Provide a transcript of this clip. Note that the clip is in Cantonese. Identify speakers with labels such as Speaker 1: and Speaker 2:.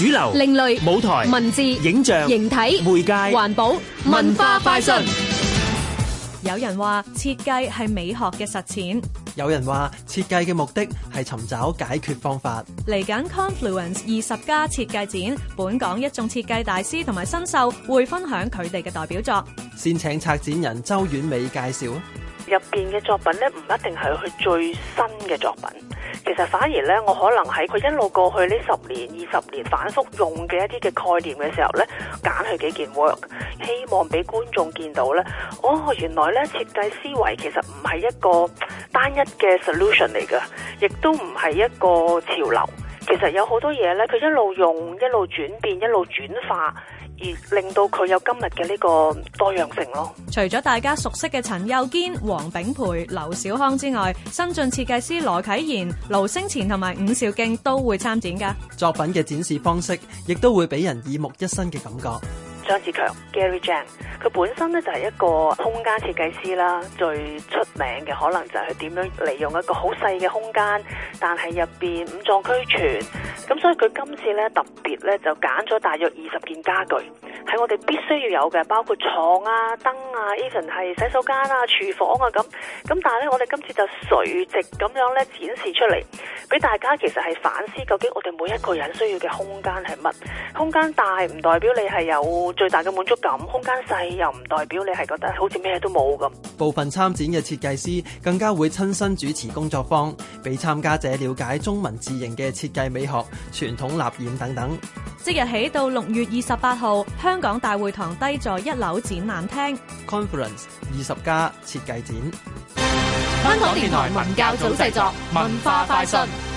Speaker 1: 主流、另類舞台、文字、影像、形體、媒介、環保、文化快訊。有人話設計係美學嘅實踐，
Speaker 2: 有人話設計嘅目的係尋找解決方法。
Speaker 1: 嚟緊 Confluence 二十家設計展，本港一眾設計大師同埋新秀會分享佢哋嘅代表
Speaker 3: 作。
Speaker 2: 先請策展人周婉美介紹。
Speaker 3: 入邊嘅作品咧，唔一定係佢最新嘅作品，其實反而咧，我可能喺佢一路過去呢十年、二十年反覆用嘅一啲嘅概念嘅時候咧，揀佢幾件 work，希望俾觀眾見到咧，哦，原來咧設計思維其實唔係一個單一嘅 solution 嚟噶，亦都唔係一個潮流。其實有好多嘢咧，佢一路用，一路轉變，一路轉化，而令到佢有今日嘅呢個多樣
Speaker 1: 性咯。除咗大家熟悉嘅陳幼堅、黃炳培、劉小康之外，新晉設計師羅啟賢、盧星前同埋伍兆敬都會參展噶。
Speaker 2: 作品嘅展示方式亦都會俾人耳目一新嘅感覺。
Speaker 3: 張志強 Gary Jan 佢本身呢就係一個空間設計師啦，最出名嘅可能就係佢點樣利用一個好細嘅空間，但係入面五臟俱全。咁所以佢今次咧，特別咧，就揀咗大約二十件傢具，係我哋必須要有嘅，包括床啊、燈啊、even 係洗手間啊、廚房啊咁。咁但係咧，我哋今次就垂直咁樣咧，展示出嚟，俾大家其實係反思究竟我哋每一個人需要嘅空間係乜？空間大唔代表你係有最大嘅滿足感，空間細
Speaker 2: 又唔代表你係覺得好似咩都冇咁。部分參展嘅設計師更加會親身主持工作坊，俾參加者了解中文字型嘅設計美學。傳統立染等等，
Speaker 1: 即日起到六月二十八號，香港大會堂低座一樓展
Speaker 2: 覽廳，Conference 二十家設計展。香港電台文教組製作，文化快訊。